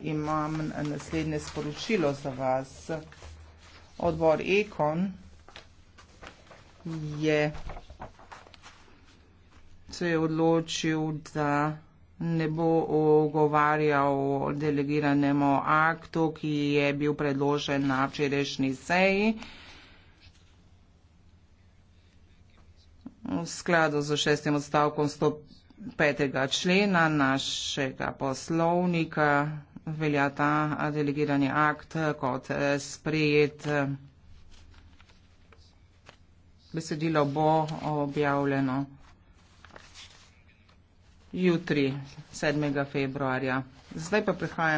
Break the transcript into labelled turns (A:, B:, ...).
A: imam naslednje sporočilo za vas. Odbor Ekon je se je odločil, da ne bo ogovarjal delegiranemu aktu, ki je bil predložen na včerajšnji seji. V skladu z šestim odstavkom 105. člena našega poslovnika velja ta delegirani akt eh, kot eh, sprejet. Eh, besedilo bo objavljeno jutri, 7. februarja. Zdaj pa prihajamo.